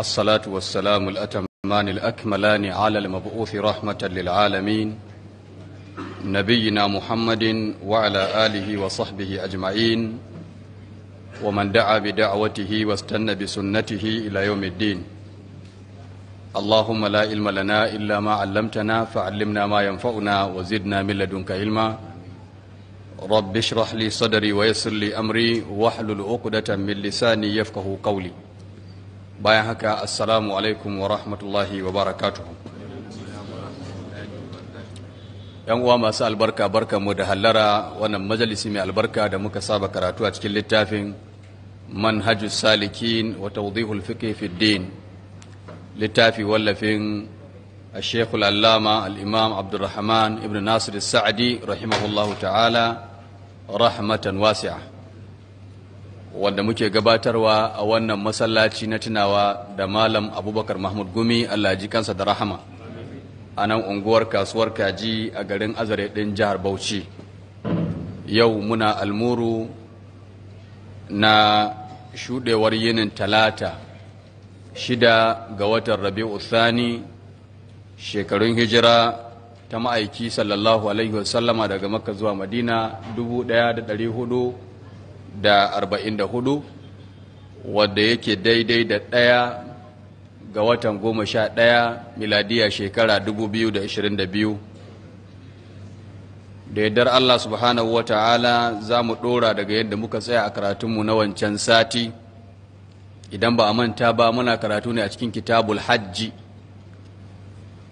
الصلاة والسلام الأتمان الأكملان على المبعوث رحمة للعالمين نبينا محمد وعلى آله وصحبه أجمعين ومن دعا بدعوته واستنى بسنته إلى يوم الدين اللهم لا علم لنا إلا ما علمتنا فعلمنا ما ينفعنا وزدنا من لدنك علما رب اشرح لي صدري ويسر لي أمري واحلل عقدة من لساني يفقه قولي bayan haka assalamu alaikum wa rahmatullahi wa barakatuhu yan uwa masu albarka barka mu da hallara wannan majalisi mai albarka da muka saba karatu a cikin littafin manhajus salikin wa tawdihul fiqh fi din littafi wallafin الشيخ العلامة الإمام عبد الرحمن ابن ناصر السعدي رحمه الله تعالى رحمة واسعة wanda muke gabatarwa a wannan masallaci na tunawa da malam abubakar mahmud gumi allah ji kansa da rahama a nan unguwar kasuwar kaji a garin azare ɗin jihar bauchi yau muna almuru na shuɗewar yinin talata shida ga watan rabi'u thani shekarun hijira ta ma'aiki sallallahu alaihi wasallama daga makka zuwa madina hudu da arba'in da hudu wadda yake daidai da ɗaya ga watan goma sha ɗaya miladiya shekara dubu biyu da ashirin da biyu da yardar Allah subhanahu wa ta'ala za mu ɗora daga yadda muka tsaya a karatunmu na wancan sati idan ba a manta ba muna karatu ne a cikin kitabul hajji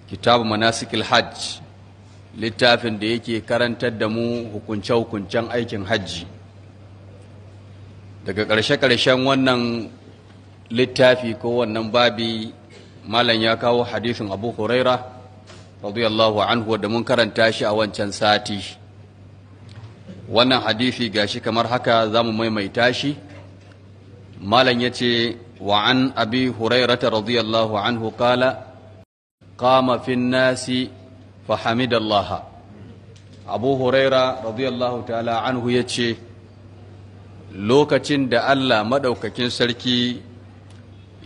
kitabu manasikil hajj littafin da yake karantar da mu hukunce-hukuncen aikin hajji daga ƙarshe-ƙarshen wannan littafi ko wannan babi malam ya kawo hadisin abu huraira radiyallahu anhu da mun karanta shi a wancan sati wannan hadisi gashi kamar haka za mu maimaita shi malam ya ce wa an abi hurairata radiyallahu anhu kala kama fin nasi fahimidallaha abu huraira radiyallahu ta'ala anhu ya ce lokacin da Allah maɗaukakin sarki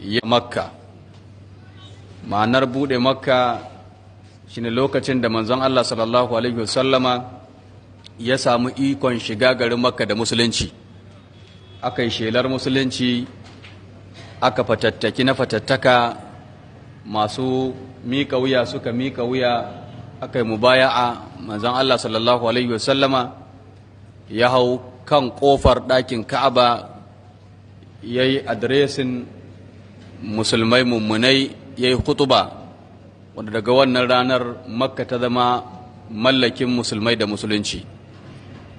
ya makka ma'anar buɗe makka shine lokacin da manzon Allah sallallahu alaihi wasallama ya samu ikon shiga garin makka da musulunci aka yi shelar musulunci aka fatattaki na fatattaka masu mika wuya suka mika wuya aka yi mubaya'a manzon Allah sallallahu alaihi wasallama ya hau kan ƙofar ɗakin ka'aba ya yi adiresin musulmai mummunai ya yi kutuba wanda daga wannan ranar makka ta zama mallakin musulmai da musulunci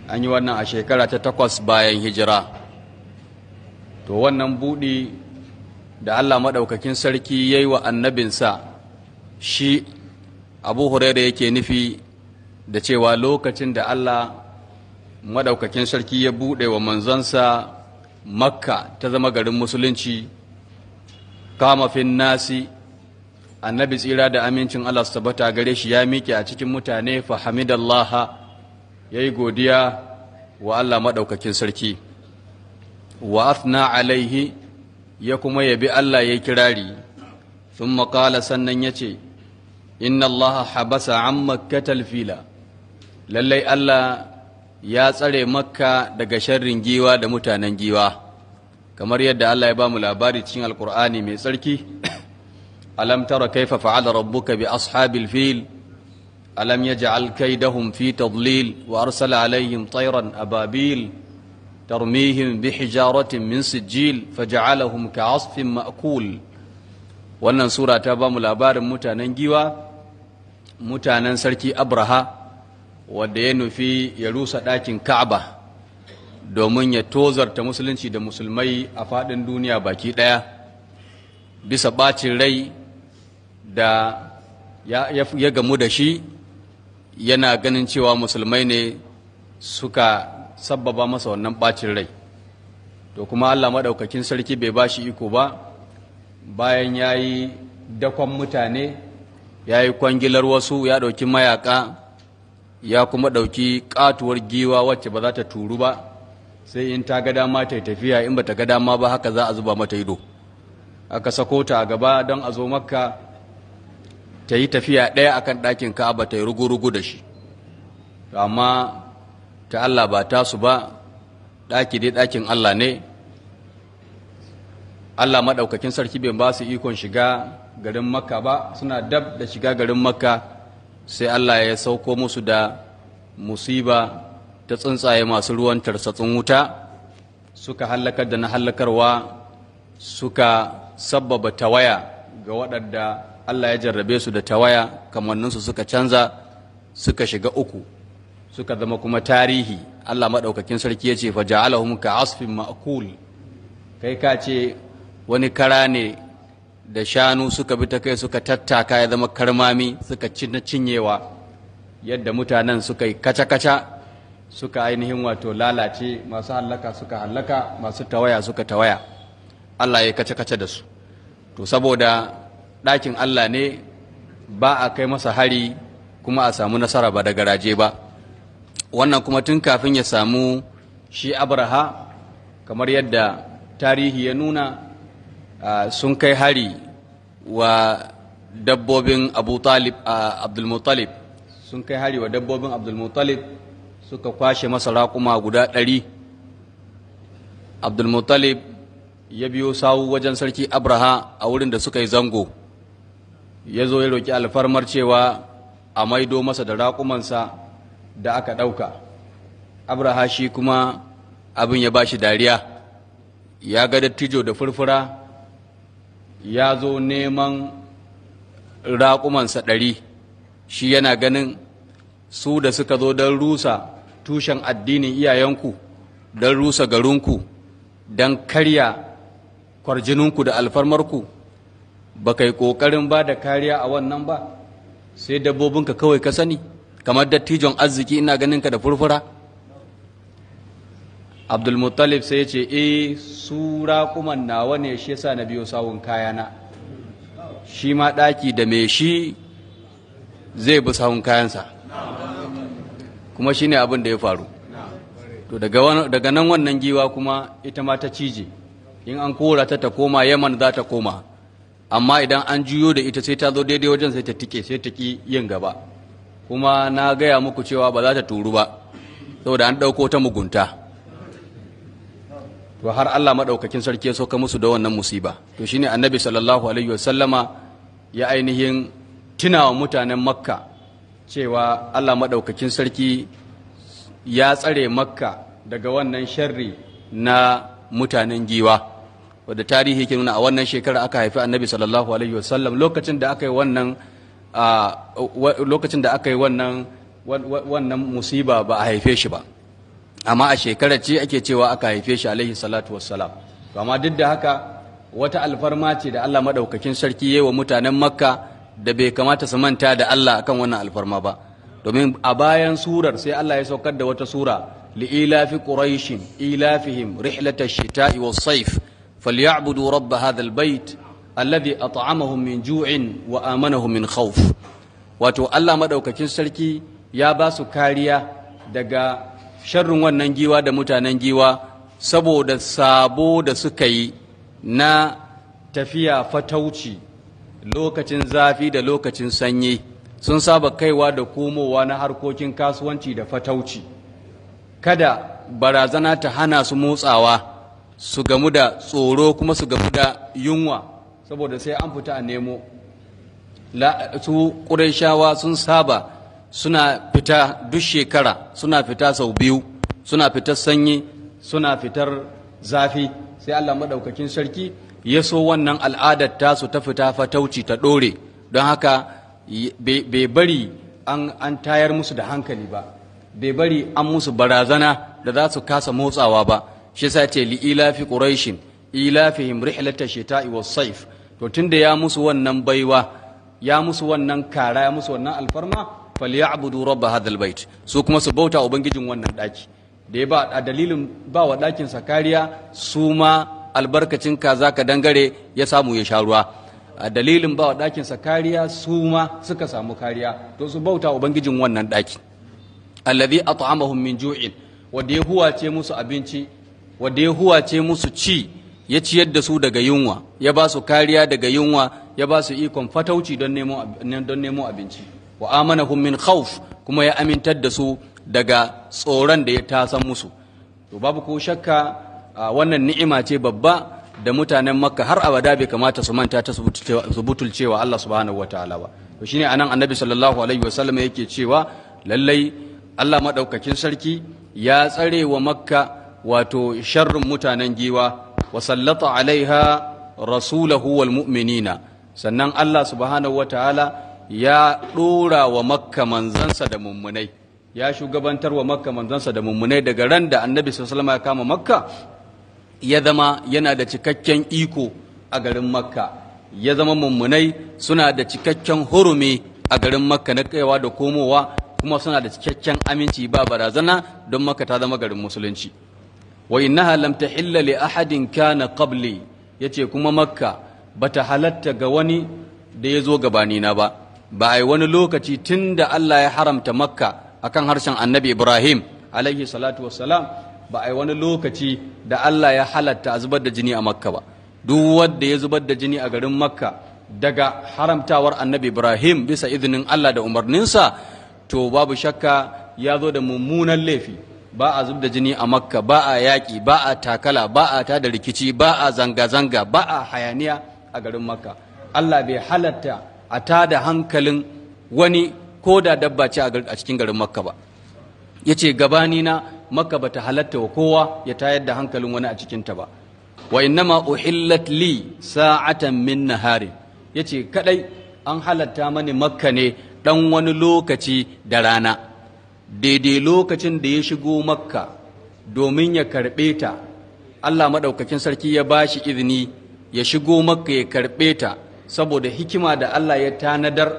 an yi wannan a shekara ta takwas bayan hijira to wannan buɗi da allah maɗaukakin sarki ya yi wa annabinsa shi abu huraira yake nufi da cewa lokacin da allah madaukakin sarki ya buɗe wa manzansa makka ta zama garin musulunci kama nasi annabi tsira da amincin allah su tabbata gare shi ya miƙe a cikin mutane fa hamidallaha ya yi godiya wa allah maɗaukakin sarki wa athna alaihi ya kuma yabi allah ya kirari sun maƙala sannan ya ce inna Allah habasa an makkatal fila lallai allah ya tsare makka daga sharrin giwa da mutanen giwa kamar yadda Allah ya ba mu labari cikin alkur'ani mai tsarki alam tara kaifa fa'ala rabbuka bi ashabil fil alam yaj'al kaydahum fi tadlil wa arsala alaihim tayran ababil tarmihim bi hijaratin min sijil faj'alahum ka'asfin ma'kul wannan sura ta ba mu labarin mutanen giwa mutanen sarki abraha wadda ya nufi ya rusa ɗakin ka'aba domin ya tozarta musulunci da musulmai a faɗin duniya baki ɗaya bisa ɓacin rai da ya gamu da shi yana ganin cewa musulmai ne suka sabbaba masa wannan ɓacin rai to kuma allah maɗaukakin sarki bai ba shi iko ba bayan ya yi dakon mutane ya yi kwangilar wasu ya ɗauki mayaƙa ya kuma ɗauki ƙatuwar giwa wacce ba za ta turu ba sai in ta ga dama ta tafiya in ba ta ga dama ba haka za a zuba mata ido aka sako ta a gaba don a zo makka ta yi tafiya ɗaya akan ɗakin ka'aba ta yi rugu-rugu da shi amma ta Allah ba ta su ba ɗaki dai ɗakin Allah ne Allah maɗaukakin sarki bai ba su ikon shiga garin makka ba suna dab da shiga garin makka sai Allah ya sauko musu da musiba ta tsuntsaye masu ruwan tarsatsun wuta suka hallakar da na hallakarwa suka sabbaba tawaya ga waɗanda Allah ya jarrabe su da tawaya kamanninsu suka canza suka shiga uku suka zama kuma tarihi Allah maɗaukakin sarki ya ce fa ja'alahum ka asfin ma'kul kai ka ce wani kara ne da shanu suka bi ta kai suka tattaka ya zama karmami suka cina cinyewa yadda mutanen suka yi kaca-kaca suka ainihin wato lalace masu hallaka suka hallaka masu tawaya suka tawaya Allah ya kaca-kaca da su to saboda ɗakin Allah ne ba a kai masa hari kuma a samu nasara ba da garaje ba wannan kuma tun kafin ya samu shi abraha kamar yadda tarihi ya nuna Ah, sun kai hari wa dabbobin abu talib ah, abdulmutalib sun kai hari wa dabbobin abdulmutalib suka kwashe masa raƙuma guda ɗari abdulmutalib ya biyo sawu wajen sarki abraha a wurin da suka yi zango ya zo ya roƙi alfarmar cewa a maido masa da raƙumansa da aka ɗauka abraha shi kuma abin ya ba shi dariya ya ga dattijo da furfura ya zo neman raƙumansa ɗari shi yana ganin su da suka zo don rusa tushen addinin iyayenku don rusa garinku don karya kwarjininku da alfarmarku ba kai ƙoƙarin ba da kariya a wannan ba sai dabbobinka kawai ka sani kamar dattijon arziki ina ganinka da furfura abdulmuttalib sai ce e eh, su raƙuman nawa ne shi yasa na biyo sawun kayana shi ma ɗaki da mai shi zai bi sawun kayansa kuma shi ne abin da ya faru to daga nan wannan giwa kuma ita ma ta cije in an kora ta ta koma yaman za ta koma amma idan an juyo da ita sai ta zo daidai wajen sai ta tike sai ta ki yin gaba kuma na gaya muku cewa ba za ta turu ba saboda an ɗauko ta mugunta to har Allah maɗaukakin sarki ya sauka musu da wannan musiba to shine annabi sallallahu alaihi wasallama ya ainihin tunawa mutanen makka cewa Allah maɗaukakin sarki ya tsare makka daga wannan sharri na mutanen giwa wadda tarihi ke nuna a wannan shekara aka haifi annabi sallallahu alaihi wasallam lokacin da aka yi wannan lokacin da aka yi wannan wannan musiba ba a haife shi ba amma a shekarar ce ake cewa aka haife shi alaihi salatu wassalam amma duk da haka wata alfarma ce da Allah madaukakin sarki yayi wa mutanen makka da bai kamata su manta da Allah akan wannan alfarma ba domin a bayan surar sai Allah ya saukar da wata sura li'ilafi quraishin ilafihim rihlatash shita'i was-sayf falyabudu rabb hadha al-bait alladhi at'amahum min ju'in wa amanahum min khawf wato Allah madaukakin sarki ya ba su kariya daga sharrin wannan giwa da mutanen giwa saboda sabo da suka yi na tafiya fatauci lokacin zafi da lokacin sanyi sun saba kaiwa da komowa na harkokin kasuwanci da fatauci kada barazana ta hana su motsawa su gamu da tsoro kuma su gamu da yunwa saboda sai an fita a nemo su ƙurashawa sun saba suna fita duk shekara suna fita sau biyu suna fitar sanyi suna fitar zafi sai Allah maɗaukakin sarki ya so wannan al'adar tasu ta fita fatauci ta ɗore don haka bai bari an tayar musu da hankali ba bai bari an musu barazana da za su kasa motsawa ba shi sa ce li'ilafi quraishin ilafihim rihlata shita'i was saif to tunda ya musu wannan baiwa ya musu wannan kara ya musu wannan alfarma falyabudu rabb hadhal bait su kuma su bauta ubangijin wannan daki da ba a dalilin ba wa dakin sa kariya su ma albarkacin kaza ka dangare ya samu ya sha ruwa a dalilin ba wa dakin sa kariya su ma suka samu kariya to su bauta ubangijin wannan daki alladhi at'amahum min ju'in wanda ya huwace musu abinci wanda ya huwace musu ci ya ciyar da su daga yunwa ya ba su kariya daga yunwa ya ba su ikon fatauci don nemo abinci wa amanahum min khawf kuma ya amintar da su daga tsoron da ya tasan musu to babu ko shakka wannan ni'ima ce babba da mutanen makka har abada bai kamata su manta ta su butulcewa Allah subhanahu wataala ba to shine anan annabi sallallahu alaihi wasallam yake cewa lallai Allah madaukakin sarki ya tsare wa makka wato sharrin mutanen giwa wa sallata alaiha rasulahu wal mu'minina sannan Allah subhanahu wataala ya ɗora wa makka manzansa da mummunai ya shugabantar wa makka manzansa da mummunai daga ran da annabi sallama ya kama makka ya zama yana da cikakken iko a garin makka ya zama mummunai suna da cikakken hurumi a garin makka na kaiwa da komowa kuma suna da cikakken aminci ba barazana don makka ta zama garin musulunci wa innaha lam tahilla li ahadin kana qabli yace kuma makka bata halatta ga wani da ya zo gabanina ba ba a yi wani lokaci tun da Allah ya haramta makka a kan harshen annabi ibrahim alaihi salatu wassalam ba a wani lokaci da Allah ya halatta a zubar da jini a makka ba duk wanda ya zubar da jini a garin makka daga haramtawar annabi ibrahim bisa izinin Allah da umarninsa to babu shakka ya zo da mummunan laifi ba a zub da jini a makka ba a yaƙi ba a takala ba a tada rikici ba a zanga-zanga ba a hayaniya a garin makka allah bai halatta a ta da hankalin wani ko da dabba ce a cikin garin makka ba ya ce gabanina makka ba ta halatta wa kowa ya tayar da hankalin wani a cikinta ba wa innama uhillat li sa'atan min nahari ya ce kadai an halatta mani makka ne dan wani lokaci da rana daidai lokacin da ya shigo makka domin ya karɓe ta allah maɗaukakin sarki ya ba shi izini ya shigo makka ya karɓe ta saboda hikima da Allah ya tanadar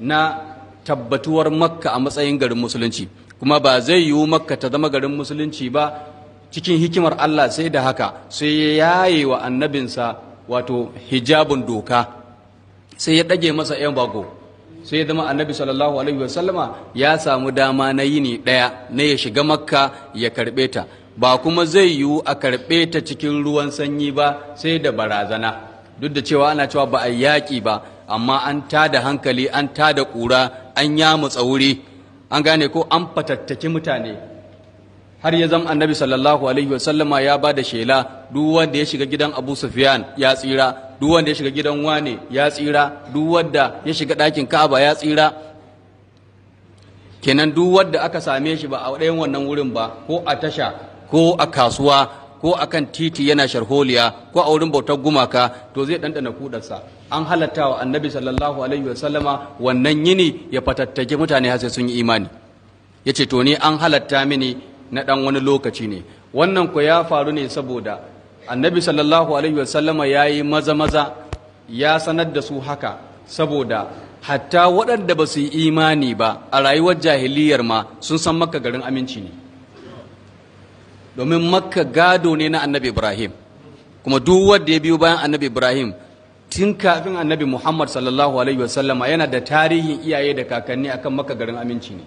na tabbatuwar makka a matsayin garin musulunci kuma ba zai yiwu makka ta zama garin musulunci ba cikin hikimar Allah sai da haka sai ya yaye wa annabinsa wato hijabun doka sai ya ɗage masa ‘yan bago sai ya zama annabi sallallahu alaihi wasallama ya samu dama na yini ɗaya na ya shiga makka ya karɓe ta ba kuma zai yiwu a karɓe ta cikin ruwan sanyi ba sai da barazana duk da cewa ana cewa ba a yaƙi ba amma an ta da hankali an ta da ƙura an yamutsa wuri an gane ko an fatattaki mutane har ya zama annabi sallallahu alaihi wasallama ya ba da shela duk wanda ya shiga gidan abu sufyan ya tsira duk wanda ya shiga gidan wane ya tsira duk wanda ya shiga ɗakin ka'aba ya tsira kenan duk wanda aka same shi ba a ɗayan wannan wurin ba ko a tasha ko a kasuwa ko a kan titi yana sharholiya ko a wurin bautar gumaka to zai ɗanɗana kuɗarsa. an halatta wa annabi sallallahu alaihi wasallama wannan yini ya fatattake mutane har sai sun yi imani ya ce to ni an halatta mini na ɗan wani lokaci ne wannan ku ya faru ne saboda annabi sallallahu alaihi wasallama ya yi maza maza ya sanar da su haka saboda hatta waɗanda ba su yi imani ba a rayuwar jahiliyar ma sun san maka garin aminci ne domin makka gado ne na annabi ibrahim kuma duk wanda ya biyo bayan annabi ibrahim tun kafin annabi muhammad sallallahu alaihi wasallama yana da tarihin iyaye da kakanni akan makka garin aminci ne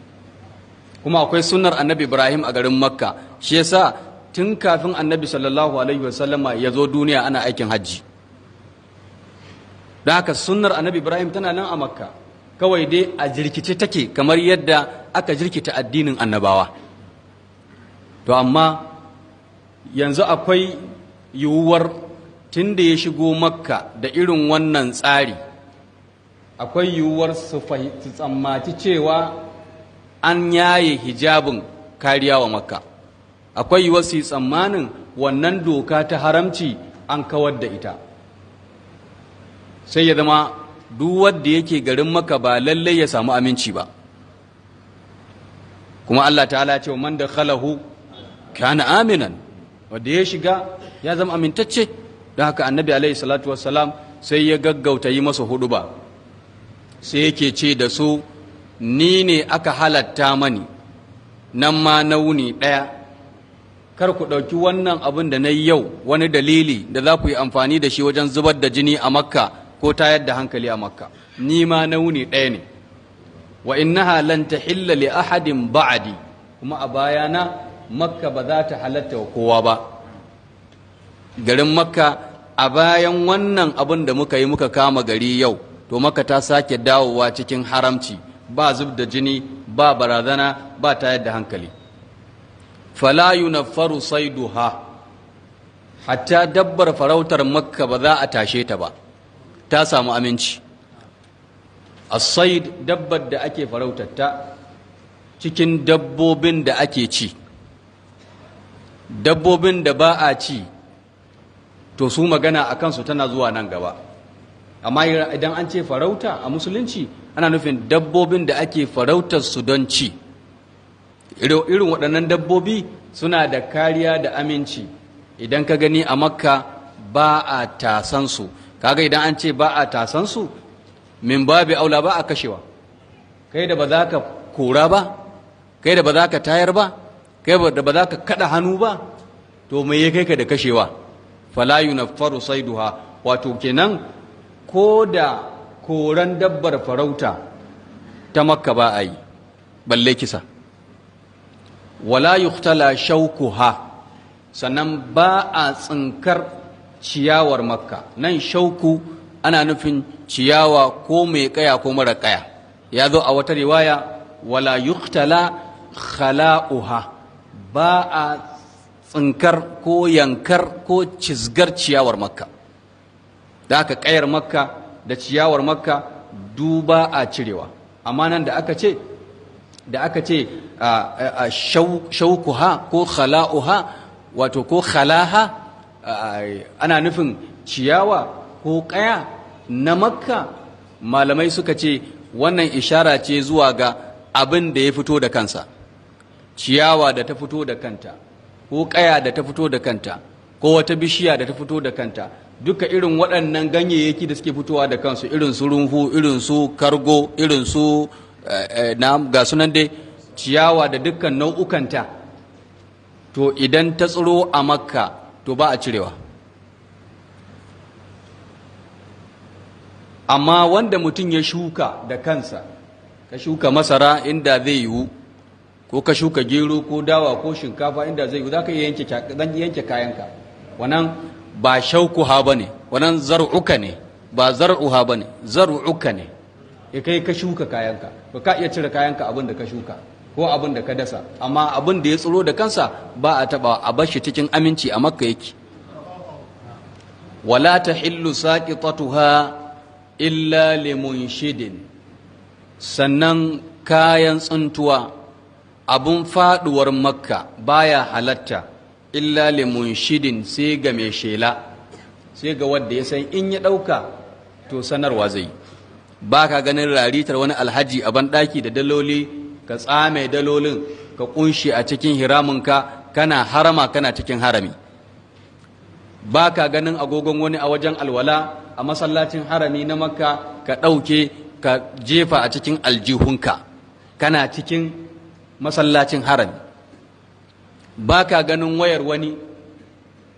kuma akwai sunnar annabi ibrahim a garin makka shi yasa tun kafin annabi sallallahu alaihi wasallama ya zo duniya ana aikin hajji Da haka sunnar annabi ibrahim tana nan a makka kawai dai a jirkice take kamar yadda aka jirkita addinin annabawa to amma yanzu akwai yiwuwar tun da ya shigo makka da irin wannan tsari akwai yiwuwar su tsammaci cewa an yaye hijabin kariya wa makka akwai yiwuwar su tsammanin wannan doka ta haramci an kawar da ita sai ya zama duk wanda yake garin maka ba lallai ya samu aminci ba kuma Allah ta'ala ce man da khalahu kana aminan wadda ya shiga ya zama amintacce don haka annabi alaihi salatu wasalam sai ya gaggauta yi masa ba. sai yake ce da su ni ne aka halatta mani nan ma na wuni ɗaya kar ku ɗauki wannan abin da na yi yau wani dalili da za ku yi amfani da shi wajen zubar da jini a makka ko tayar da hankali a makka ni ma na wuni ɗaya ne wa innaha lan tahilla li ahadin ba'adi kuma a bayana makka ba za ta halatta wa kowa ba garin makka a bayan wannan abin da muka yi muka kama gari yau to makka ta sake dawowa cikin haramci ba zub da jini ba barazana ba ta yadda hankali fala yunaffaru saiduha hatta dabbar farautar makka ba za a tashe ta ba ta samu aminci as-said dabbar da ake farautar ta cikin dabbobin da ake ci dabbobin da ba a ci to su magana a kansu tana zuwa nan gaba amma idan an ce farauta a musulunci ana nufin dabbobin da ake farautar su don ci irin waɗannan dabbobi suna da kariya da aminci idan ka gani a makka ba a tasansu kaga idan an ce ba a tasansu min babi aula ba a kashewa kai da ba za ka kora ba kai da ba za ka tayar ba kai ba da ba za ka kada hannu ba to me ya kai ka da kashewa faru sai duha. wato kenan ko da koran dabbar farauta ta makka ba a yi balle kisa wala yuktala shaukuha sannan ba a tsinkar ciyawar makka nan shauku ana nufin ciyawa ko mai kaya ko mara kaya ya zo a wata riwaya wala yuktala khala'uha ba a tsinkar ko yankar ko cizgar ciyawar makka da aka ƙayar makka da ciyawar makka duba a cirewa amma nan da aka ce da aka ce shaukuha ko khala'uha wato ko khalaha ana nufin ciyawa ko ƙaya na makka malamai suka ce wannan ishara ce zuwa ga abin da ya fito da kansa ciyawa da ta fito da kanta ko ƙaya da ta fito da kanta ko wata bishiya da ta fito da kanta duka irin waɗannan ganyayyaki da suke fitowa da kansu irin su rumfu irin su kargo irin su eh, eh, ga sunan dai ciyawa da dukkan nau'ukanta to idan ta tsiro a makka to ba a cirewa amma wanda mutum ya shuka da kansa ka shuka masara inda zai yiwu ko ka shuka gero ko dawa ko shinkafa inda zai za ka yanke yanke kayanka wannan ba shaukuha bane wannan zar'uka ne ba zar'uha bane zar'uka ne e kai ka shuka kayanka ba ka iya cire kayanka abin da ka shuka ko abin da ka dasa amma abin da ya tsiro da kansa ba a taba a bar shi cikin aminci a makka yake wala tahillu saqitatuha illa limunshidin sannan kayan tsuntuwa abun faɗuwar makka baya halatta illa shidin sai ga mai shela sai ga wanda ya san in ya ɗauka to sanarwa zai ba ka ganin raritar wani alhaji a banɗaki da daloli ka tsame dalolin ka kunshi a cikin hiraminka kana harama kana cikin harami ba ka ganin agogon wani a wajen alwala a masallacin harami na makka ka ɗauke ka jefa a cikin aljihunka kana cikin masallacin harami ba ka ganin wayar wani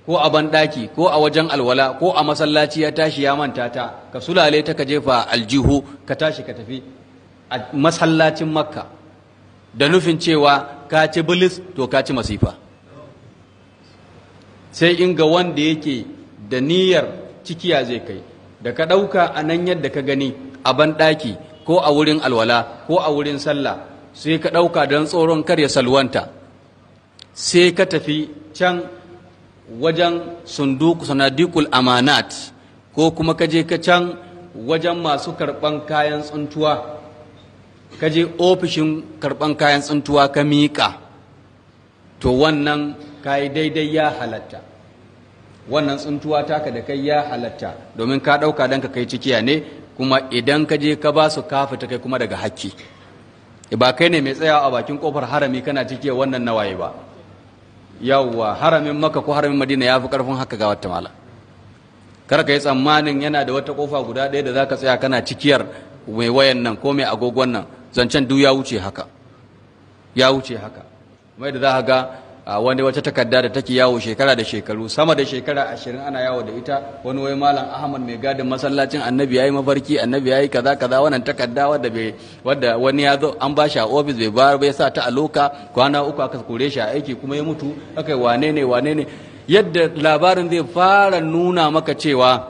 ko a banɗaki ko a wajen alwala ko a masallaci ya tashi ya manta ta ka sulale ta ka jefa aljihu ka tashi ka tafi a masallacin makka da nufin cewa ka ci bilis to ka ci masifa sai in ga wanda yake da niyyar cikiya zai kai da ka ɗauka a nan yadda ka gani a banɗaki ko a wurin alwala ko a wurin sallah sai ka ɗauka don tsoron kar ya salwanta sai ka tafi can wajen sunduku sanadikul amanat ko kuma ka je ka can wajen masu karɓan kayan tsuntuwa ka je ofishin karɓan kayan tsuntuwa ka miƙa to wannan ka yi daidai ya halatta wannan tsuntuwa taka da kai ya halatta domin ka ɗauka don ka kai cikiya ne kuma idan ka je ka ba su kafa ta kai kuma daga hakki ba kai ne mai tsayawa a bakin kofar harami kana cike wannan nawaye ba yawwa haramin maka ko haramin madina ya fi karfin haka ga wata mala kar ka yi tsammanin yana da wata kofa guda ɗaya da zaka ka tsaya kana cikiyar mai wayan nan ko mai agogon nan zancen duk ya wuce haka ya wuce haka mai da za ka ga wani wata takarda da take yawo shekara da shekaru sama da shekara ashirin ana yawo da ita wani wai malam ahmad mai gadin masallacin annabi ya yi mafarki annabi ya yi kaza kaza wannan takarda wadda bai wadda wani ya zo an bashi a ofis bai bayar bai sa ta a loka kwana uku aka kore shi a aiki kuma ya mutu aka yi wane ne wane ne yadda labarin zai fara nuna maka cewa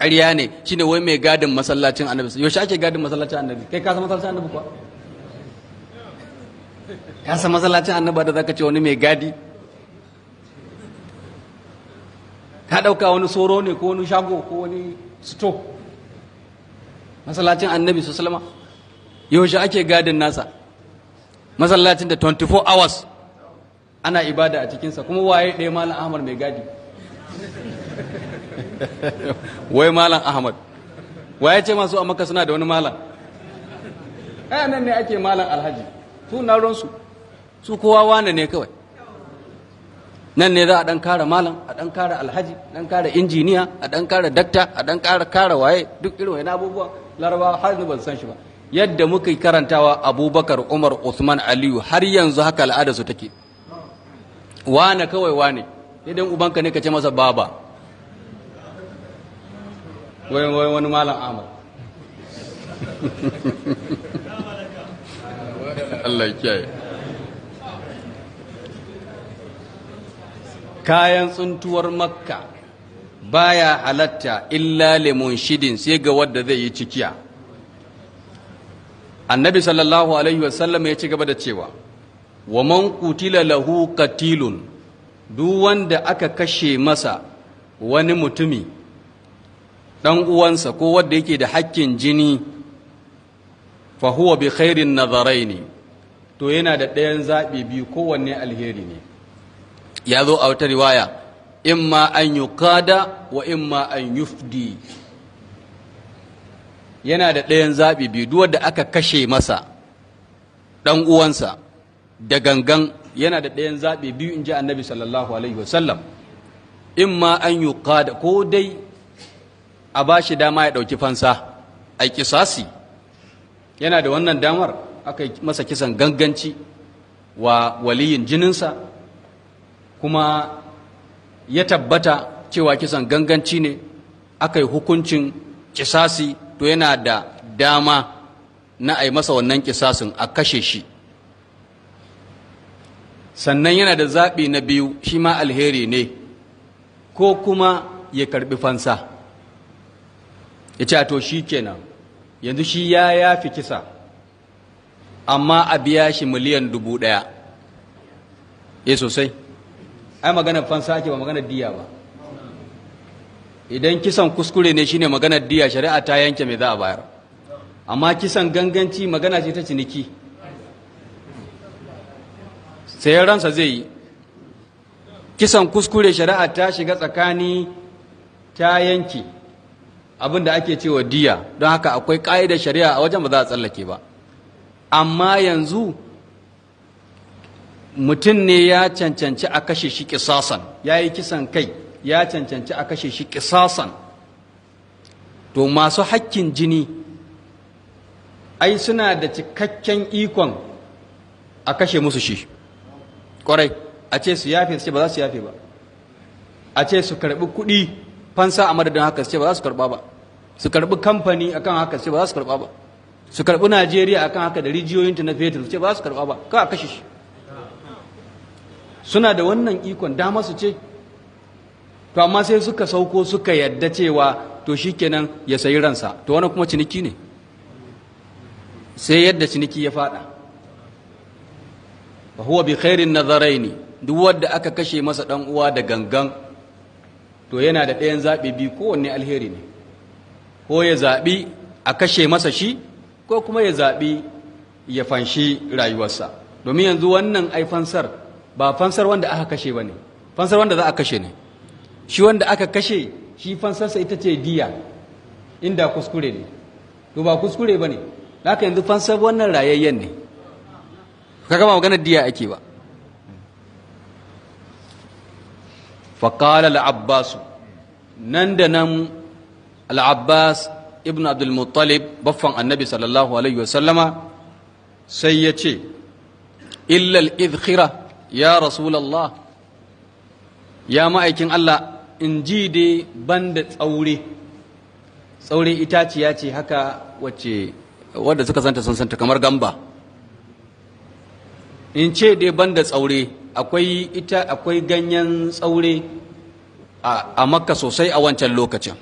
ƙarya ne shine wai mai gadin masallacin annabi yaushe ake gadin masallacin annabi kai ka san masallacin annabi kuwa ka san masallacin annaba da zaka ce wani mai gadi ka ɗauka wani soro ne ko wani shago ko wani sito masallacin annabi su salama yaushe ake gadin nasa masallacin da 24 hours ana ibada a cikinsa kuma waye ɗaya malam ahmad mai gadi wai malam ahmad waye ce masu a maka suna da wani malam nan ne ake malam alhaji su na ruwansu su kowa wane ne kawai nan ne za a dan kara malam a dan kara alhaji dan kara injiniya a dan kara dakta a dan kara kara waye duk irin wani abubuwa larabawa har ni ban san shi ba yadda muka karantawa abubakar umar usman aliyu har yanzu haka al'ada su take wane kawai wane idan ubanka ne ka ce masa baba wani malam amal Allah ya kiyaye kayan tsuntuwar makka baya halatta illa lemon shidin sai ga wadda zai yi cikiya annabi sallallahu alaihi wasallam ya ci gaba da cewa wa man kutila lahu katilun duk wanda aka kashe masa wani mutumi ɗan uwansa ko wanda yake da hakkin jini fa huwa bi khairin ne, to yana da ɗayan zaɓi biyu kowanne alheri ne ya zo a wata riwaya In ma an yi kada wa in ma an yufdi yana da ɗayan zaɓi biyu da aka kashe masa ɗan uwansa da gangan yana da ɗayan zaɓi biyu in ji annabi sallallahu alaihi wasallam ma an yi kada ko dai a ba shi dama ya ɗauki fansa a kisasi yana da wannan damar aka yi masa kisan ganganci wa waliyin jininsa kuma ya tabbata cewa kisan ganganci ne aka yi hukuncin kisasi to yana da dama na a yi masa wannan kisasin a kashe shi sannan yana da zaɓi na biyu shi ma alheri ne ko kuma ya karɓi fansa ya ce to shi kenan yanzu shi ya yafi kisa amma a biya shi miliyan dubu ɗaya ya eh, sosai ai maganar fansa ake ba maganar diya ba idan kisan kuskure ne shine maganar diya shari'a ta yanke mai za a bayar amma kisan ganganci magana ce ta ciniki sayan ransa zai yi kisan kuskure shari'a ta shiga tsakani ta yanke abin da ake cewa diya don haka akwai ka'idar shari'a a wajen ba za a tsallake ba amma yanzu mutum ne ya cancanci a kashe shi kisasan ya yi kisan kai ya cancanci a kashe shi kisasan to masu hakkin jini ai suna da cikakken ikon a kashe musu shi kwarai a ce su yafe su ce ba za su yafe ba a ce su karbi kuɗi fansa a madadin haka su ce ba za su karba ba su karbi kamfani akan haka su ce ba za su karba ba su karbi najeriya akan haka da ta na fetur su ce ba za su karba ba kawai a kashe shi suna da wannan ikon dama su ce to amma sai suka sauko suka yadda cewa to shikenan ya sayi ransa to wani kuma ciniki ne sai yadda ciniki ya fada fa huwa bi khairin ne duk wanda aka kashe masa dan uwa da gangan to yana da ɗayan zaɓi biyu kowanne alheri ne ko ya zaɓi a kashe masa shi ko kuma ya zaɓi ya fanshi rayuwarsa domin yanzu wannan aifansar ba fansar wanda aka kashe ba ne fansar wanda za a kashe ne shi wanda aka kashe shi fansarsa ita ce diya inda kuskure ne to ba kuskure ba ne da aka yanzu fansar wannan rayayyen ne ka gama maganar diya ake ba faƙalar al'abbasu nan da nan al'abbas ibn abdulmuttalib baffan annabi sallallahu alaihi wasallama sai ya ce illal idkhira ya rasulallah ya ma'aikin Allah in ji dai ban da tsaure tsaure itaciya ce haka wacce wadda suka santa sun santa kamar gamba in ce dai ban da tsaure akwai akwai ganyen tsaure a makka sosai a wancan lokacin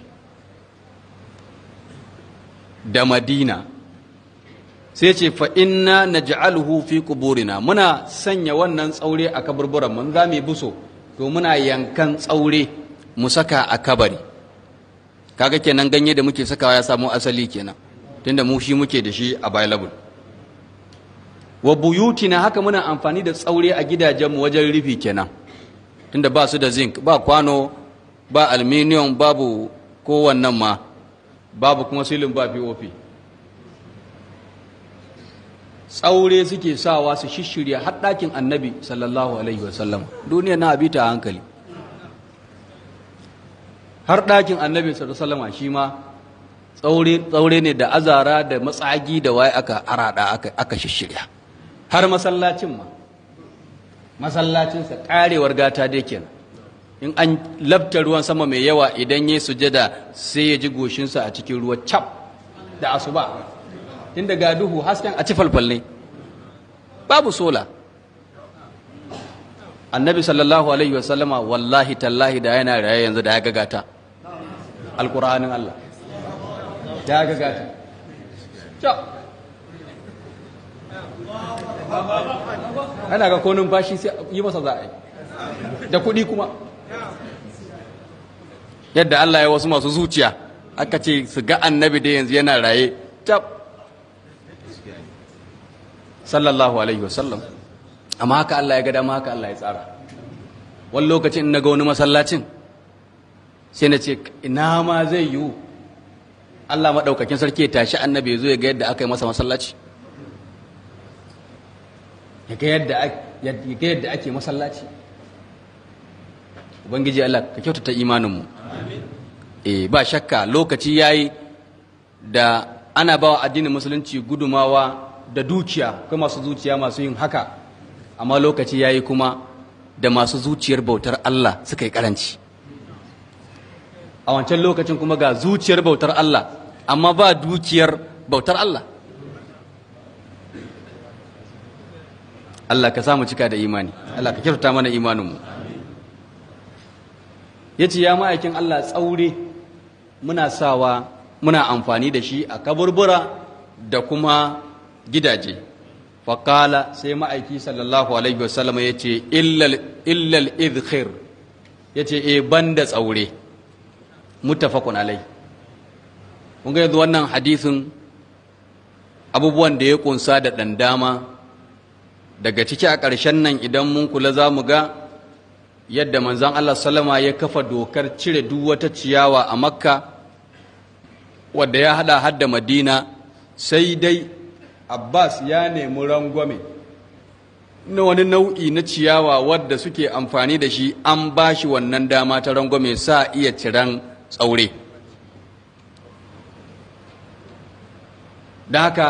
da madina sai ce fa inna naj'aluhu fi kuburina muna sanya wannan tsaure a kaburburan mun za mu buso to muna yankan tsaure mu saka a kabari kaga kenan ganye da muke sakawa ya samu asali kenan tunda mu shi muke da shi available wa buyutina haka muna amfani da tsaure a gidajen mu wajen rufi kenan tunda ba su da zinc ba kwano ba aluminium babu kowannan ma babu kuma silin ba pop tsaure suke sawa su shishirya har ɗakin annabi sallallahu alaihi wasallam duniya na abita a hankali har ɗakin annabi sallallahu alaihi wasallam shi ma tsaure ne da azara da matsagi da waye aka arada aka aka shishirya har masallacin ma masallacin sa karewar gata da kenan in an labta ruwan sama mai yawa idan ya sujada sai ya ji goshinsa a cikin ruwa cap da asuba tunda ga duhu hasken a ci falfalle babu sola annabi sallallahu alaihi wasallama wallahi tallahi da yana raye yanzu da ya gagata alkur'anin Allah da ya gagata ana ga konin bashi sai yi masa za'a da kuɗi kuma yadda Allah ya wasu masu zuciya aka ce su ga annabi da yanzu yana raye sallallahu alaihi wasallam amma haka Allah ya gada amma haka Allah ya tsara wani lokacin in naga wani masallacin sai na ce ina ma zai yiwu Allah maɗaukakin sarki ya tashi annabi ya zo ya ga yadda aka yi masa masallaci ya ga yadda ake masallaci ubangiji Allah ka kyautata imaninmu eh, ba shakka lokaci yayi da ana bawa addinin musulunci gudumawa da dukiya akwai masu zuciya masu yin haka amma lokaci ya yi kuma da masu zuciyar bautar Allah suka yi karanci a wancan lokacin kuma ga zuciyar bautar Allah amma ba dukiyar bautar Allah Allah ka samu cika da imani Allah ka kyauta mana imaninmu ya ce ya ma'aikin Allah tsaure muna sawa muna amfani da shi a kaburbura da kuma gidaje faƙala sai ma'aiki sallallahu alaihi wasallama ya ce illal ya ce e banda tsaure mutafakun alai kun ga yanzu wannan hadisin abubuwan da ya kunsa da ɗan dama daga ciki a ƙarshen nan idan mun kula za mu ga yadda manzan Allah salama ya kafa dokar cire duk wata ciyawa a makka wadda ya hada hadda madina sai dai abbas ya nemi rangwame na wani nau'i na ciyawa wadda suke amfani da shi an ba shi wannan dama ta rangwame sa iya ciran tsaure da haka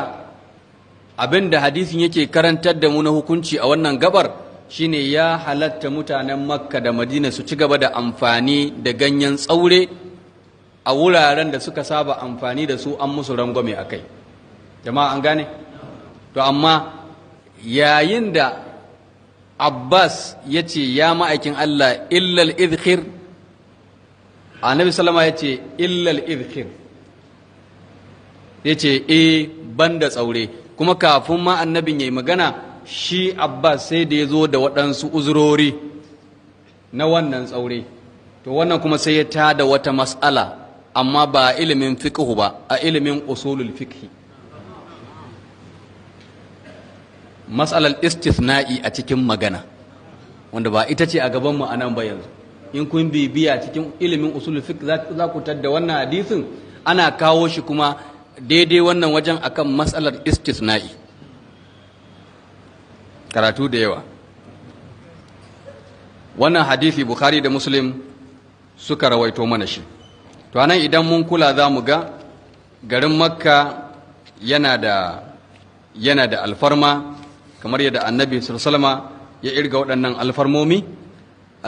abin da hadisin yake karantar da mu na hukunci a wannan gabar shine ya halatta mutanen makka da madina su ci gaba da amfani da ganyen tsaure a wuraren da suka saba amfani da su an musu rangwame a kai jama'a an gane? to amma yayin da abbas ya ce ya ma'aikin allah illal idhir annabi salama ya ce illal idhir ya ce e eh, banda tsaure kuma kafin ma annabin ya yi magana shi abbas sai da ya zo da waɗansu uzurori na wannan tsaure to wannan kuma sai ya tada wata matsala amma ba ilimin fiƙihu ba a ilimin usulul fiƙihu matsalar istithna'i a cikin magana wanda ba ita ce a gabanmu a nan ba yanzu in kun bibiya cikin ilimin usulul fiqh za ku tadda wannan hadisin ana kawo shi kuma daidai wannan wajen akan matsalar istithna'i karatu da yawa wannan hadisi bukhari da muslim suka rawaito mana shi to anan idan mun kula za mu ga garin makka yana da yana da alfarma kamar yadda annabi sallama ya irga waɗannan alfarmomi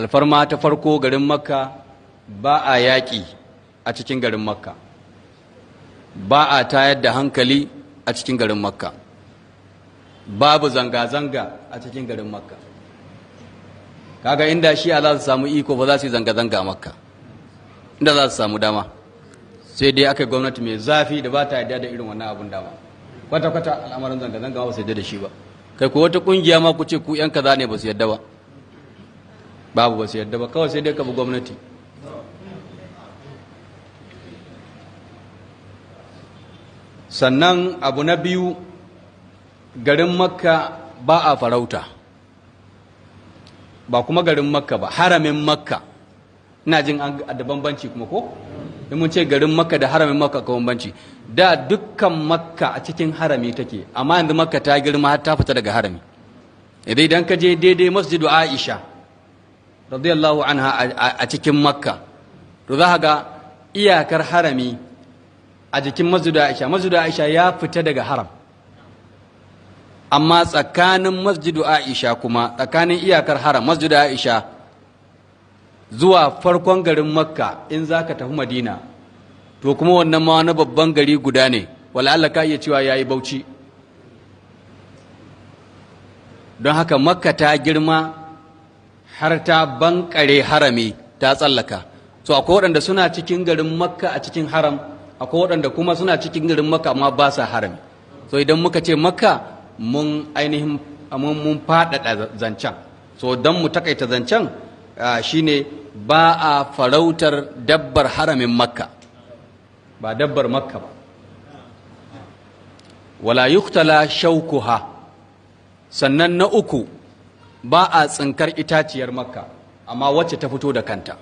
alfarma ta farko garin makka ba a yaƙi a cikin garin makka ba a tayar da hankali a cikin garin makka babu zanga-zanga a cikin garin makka kaga inda shi za su samu iko ba za su yi zanga-zanga a makka inda za su samu dama sai dai aka gwamnati mai zafi da ba ta yadda da irin wannan abun dama kwata-kwata al'amarin zanga-zanga ba su yarda da shi ba kai ko wata kungiya ma ku ce ku yan kaza ne ba su yadda ba babu ba su yadda ba kawai sai dai ka bi gwamnati sannan abu na biyu garin makka ba a farauta ba kuma garin makka ba haramin makka ina jin an da bambanci kuma ko in mun ce garin makka da haramin makka ka bambanci da dukkan makka a cikin harami take amma yanzu makka ta girma har ta fita daga harami idan idan ka je daidai masjidu aisha radiyallahu anha a cikin makka to za ga iyakar harami a jikin masjidu aisha masjidu aisha ya fita daga haram amma tsakanin masjidu aisha kuma tsakanin iyakar haram masjidu aisha zuwa farkon garin makka in za ka tafi madina to kuma wannan ma na babban gari guda ne wala'alla ka iya cewa ya yi bauchi don haka makka ta girma har ta bankare harami ta tsallaka so akwai waɗanda suna cikin garin makka a cikin haram akwai waɗanda kuma suna cikin garin makka amma ba sa harami so idan muka ce makka mun ainihin mun faɗaɗa zancen so don mu takaita zancen Ah, shi ne ba a farautar dabbar haramin makka ba dabbar makka ba wala yuktala shaukuha sannan na uku ba a tsinkar itaciyar makka amma wacce ta fito da kanta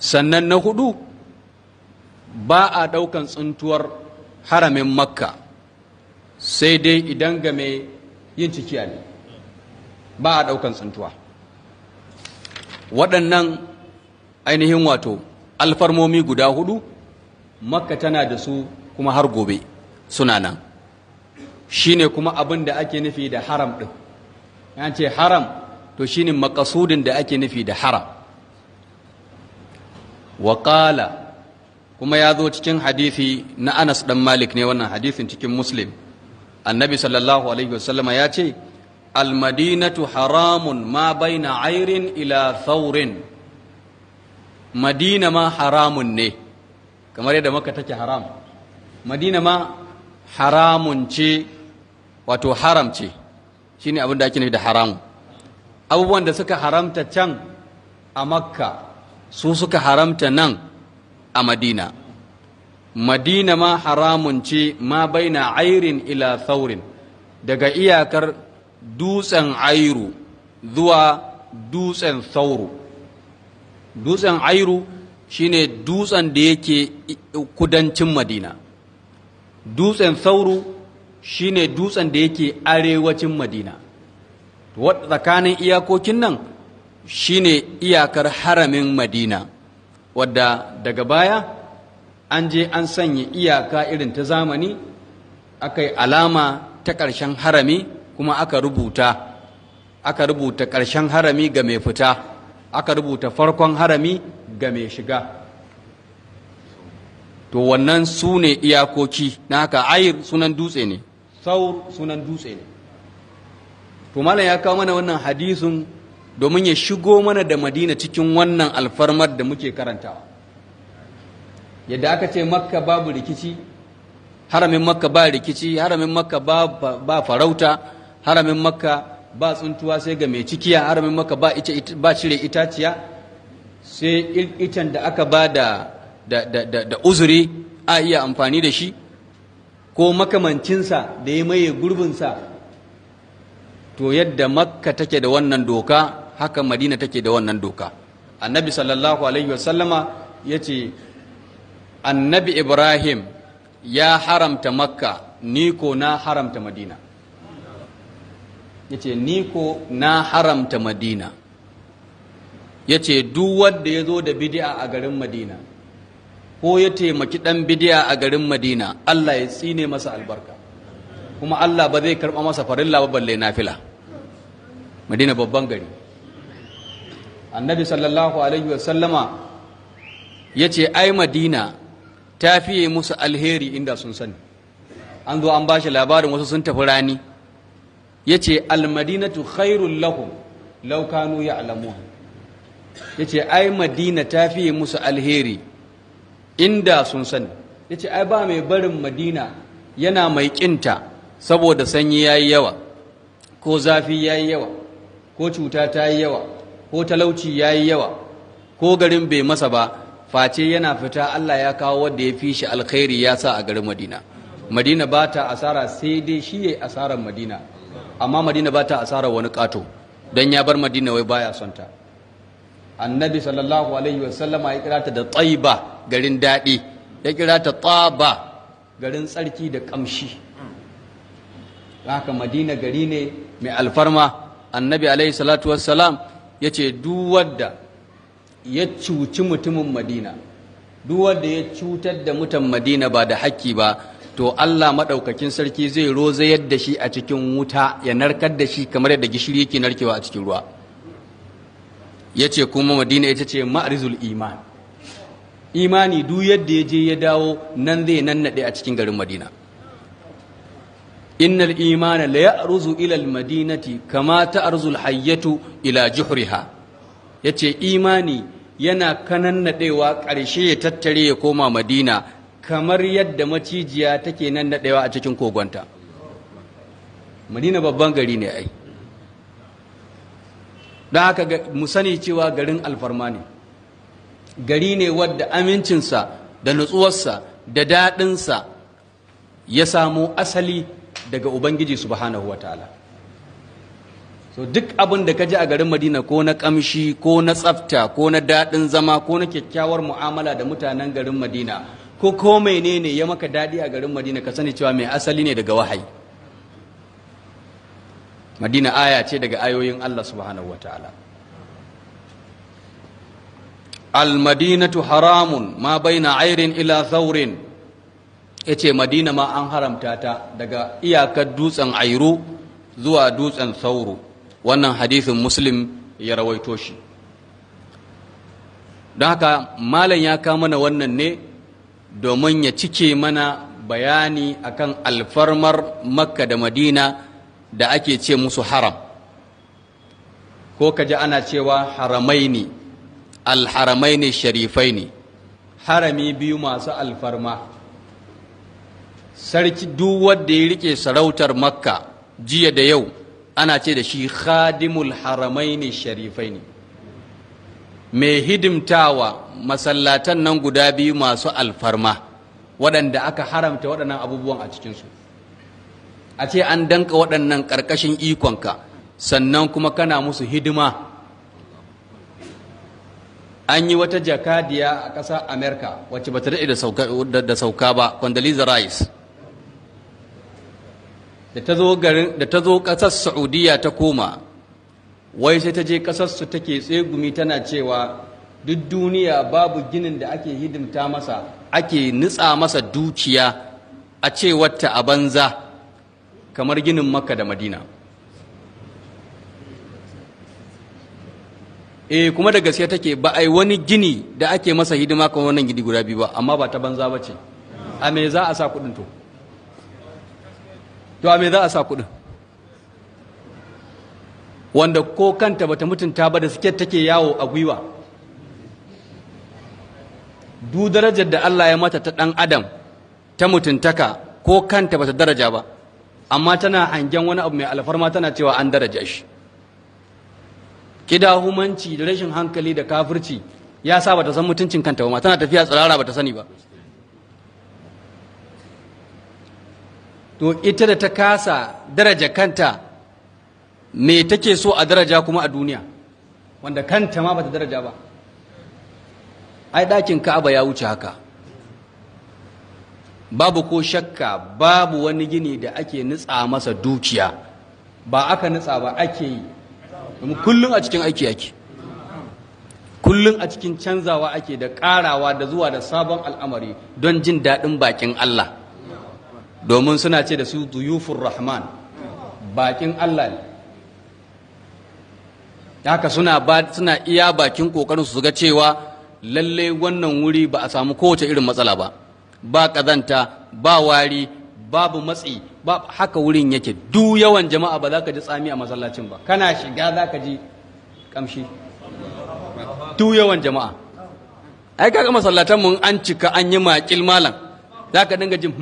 sannan na hudu ba a daukan tsintuwar haramin makka sai dai idan game yin cikiya ne ba a daukan tsintuwa waɗannan ainihin wato alfarmomi guda hudu makka tana da su kuma har gobe suna nan shi ne kuma abin da ake nufi da haram ɗin yan ce haram to shi shine makasudin da ake nufi da haram waƙala kuma ya zo cikin hadithi na anas ɗan malik ne wannan hadithin cikin muslim annabi sallallahu alaihi wasallama ya ce al haramun ma baina airin ila madina ma haramun ne kamar yadda maka take haram madina ma haramun ce wato haram ce shine abin da ake da haram abubuwan da suka haramta can a makka su suka haramta nan a madina madina ma haramun ce ma baina airin ila daga iyakar dutsen airu zuwa dutsen sauro dutsen airu shine dutsen da yake kudancin madina dutsen sauro shine dutsen da yake arewacin madina tsakanin iyakokin nan shine iyakar haramin madina wadda daga baya an je an sanya iyaka irin ta zamani aka yi alama ta ƙarshen harami kuma aka rubuta aka rubuta ƙarshen harami ga mai fita aka rubuta farkon harami ga mai shiga to wannan su ne iyakoki na haka ayir sunan dutse ne saur sunan dutse ne to ya kawo mana wannan hadisin domin ya shigo mana da madina cikin wannan alfarmar da muke karantawa yadda aka ce makka babu rikici haramin makka ba rikici haramin makka ba, farauta haramin makka ba tsuntuwa sai ga mai ciki a haramin makka ba cire itaciya sai itan da aka ba da da uzuri a iya amfani da shi ko makamancinsa da ya maye gurbinsa to yadda makka take da wannan doka haka madina take da wannan doka annabi sallallahu alaihi wasallama ya ce annabi ibrahim ya haramta makka ni ko na haramta madina ya ce ni ko na haramta madina ya ce duk wanda ya zo da bidi'a a garin madina ko ya taimaki dan bidiya a garin madina allah ya tsine masa albarka kuma allah ba zai karɓa masa farilla ba balle fila. madina babban gari annabi sallallahu alaihi wasallama ya ce ai madina ta fiye musu alheri inda sun sani an zo an ba shi labarin wasu sun tafi rani yace almadinatu khairul lahum ya kanu ya yace ai madina ta fi musu alheri inda sun sani yace ai ba mai barin madina yana mai ƙinta saboda sanyi yayi yawa ko zafi ya yawa ko cuta ta yi yawa ko talauci yayi yawa ko garin bai masa ba face yana fita Allah ya kawo wadda ya fi shi alkhairi ya sa a garin Madina Madina ba ta asara sai dai shi yayi asarar Madina amma madina ba ta asara wani ƙato, don ya bar madina wai baya son ta annabi sallallahu alaihi wasallama ya kira ta da tsaiba garin daɗi ya kira ta tsaba garin tsarki da ƙamshi haka madina gari ne mai alfarma annabi alaihi salatu wassalam ya ce duwadda ya cuci mutumin madina duwadda ya cutar da mutan madina ba da haƙƙi ba to Allah maɗaukakin sarki zai roza yadda shi a cikin wuta ya narkar da shi kamar yadda gishiri yake narkewa a cikin ruwa ya ce kuma madina ita ce ma'arizul iman imani duk yadda ya je ya dawo nan zai nannaɗe a cikin garin madina innal imana la arzu ila madinati kama ta'ruzul hayyatu ila juhriha yace imani yana kanannadewa ƙarshe ya tattare ya koma madina kamar yadda macijiya take nan na daɗewa a cikin kogonta madina babban gari ne ai don haka mu sani cewa garin alfarma ne gari ne wadda amincinsa da nutsuwarsa da daɗinsa ya samo asali daga ubangiji subhanahu wataala so duk abin da ka ji a garin madina ko na kamshi ko na tsafta ko na daɗin zama ko na kyakkyawar mu'amala da mutanen garin madina ko ko menene ya maka daɗi a garin madina ka sani cewa mai asali ne daga wahayi madina aya ce daga ayoyin allah subhanahu al almadinatu haramun ma baina airin ila thaurin ya ce madina ma an haramta ta daga iyakar dutsen airu zuwa dutsen sauro wannan hadithin muslim ya rawaito shi don haka malam ya kama na wannan ne domin ya cike mana bayani akan alfarmar makka da madina da ake ce musu haram ko ka ji ana cewa haramai ne alharamai ne sharifai ne harami biyu masu alfarma sarki duk wanda ya rike sarautar makka jiya da yau ana ce da shi khadimul haramai ne sharifai ne mai hidimtawa masallatan nan guda biyu masu alfarma waɗanda aka haramta waɗannan abubuwan a cikinsu a ce an danka waɗannan ƙarƙashin ikonka sannan kuma kana musu hidima an yi wata jakadiya a ƙasar amerika wacce ba ta daɗe da sauka ba condoleezza rice da ta zo ƙasar saudiya ta koma wai sai ta je ƙasarsu take tsegumi tana cewa duk duniya babu ginin da ake hidimta masa ake nitsa masa dukiya a ce wata a banza kamar ginin makka da madina e kuma da gaske take ba ai wani gini da ake masa hidima kan wannan gidi guda biyu ba amma ba ta banza ba ce a me za a sa kudin to to a me za a sa kudin wanda ko kanta bata mutunta ba da siket take yawo a gwiwa du darajar da Allah ya mata ta ɗan adam ta mutuntaka ko kanta bata daraja ba amma tana hangen wani abu mai alfarma tana cewa an daraja shi humanci da rashin hankali da kafirci ya sa bata san mutuncin kanta ba tana tafiya tsirara bata sani ba to ita da ta kasa daraja kanta me take so a daraja kuma a duniya wanda kanta ma bata daraja ba ai ɗakin ka'aba ya wuce haka babu ko shakka babu wani gini da ake nutsa masa dukiya ba aka nutsa ba ake yi kullum a cikin aiki ake kullum a cikin canzawa ake da ƙarawa da zuwa da sabon al'amari don jin daɗin bakin Allah domin suna ce da su duyufur rahman bakin Allah haka suna ba suna iya bakin kokarin su ga cewa lalle wannan wuri ba a samu kowace irin matsala ba ba kazanta ba wari babu matsi ba haka wurin yake du yawan jama'a ba za ka ji tsami a masallacin ba kana shiga za ka ji kamshi du yawan jama'a ai kaga masallatan mun an cika an yi makil malam za ka dinga jin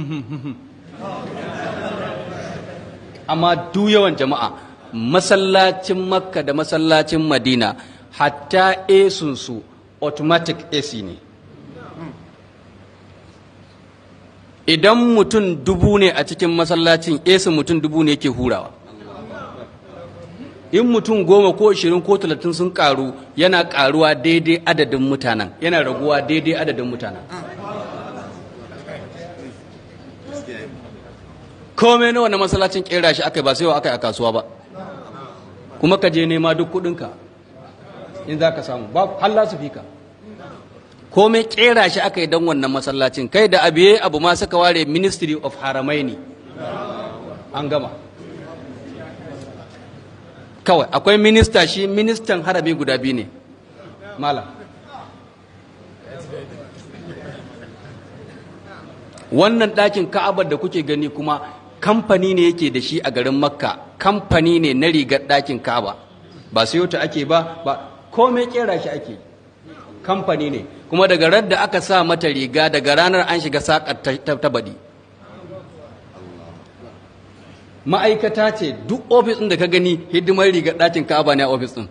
amma du yawan jama'a masallacin makka da masallacin madina hatta esunsu automatic ac ne idan mutum dubu ne a cikin masallacin esin mutum dubu ne ke hurawa in mutum goma ko ashirin ko talatin sun karu yana karuwa daidai adadin mutanen yana raguwa daidai adadin mutanen komai na wani masallacin kera shi aka ba sai wa aka yi a kasuwa ba kuma ka je nema duk kudinka in za ka samu ba halla fika komai kera shi aka yi don wannan masallacin kai da abiye abu ma suka ware ministry of ne an gama kawai akwai minista shi ministan harami guda biyu ne mala wannan ɗakin ka'abar da kuke gani kuma kamfani ne yake da shi a garin makka kamfani ne na rigar ɗakin kaba ba su ta ake ba ba komai kera shi ake kamfani ne kuma daga ran aka sa mata riga daga ranar an shiga saƙar ta baɗi ma'aikata ce duk ofis ɗin da ka gani hidimar rigar ɗakin kaba ne a ofis ɗin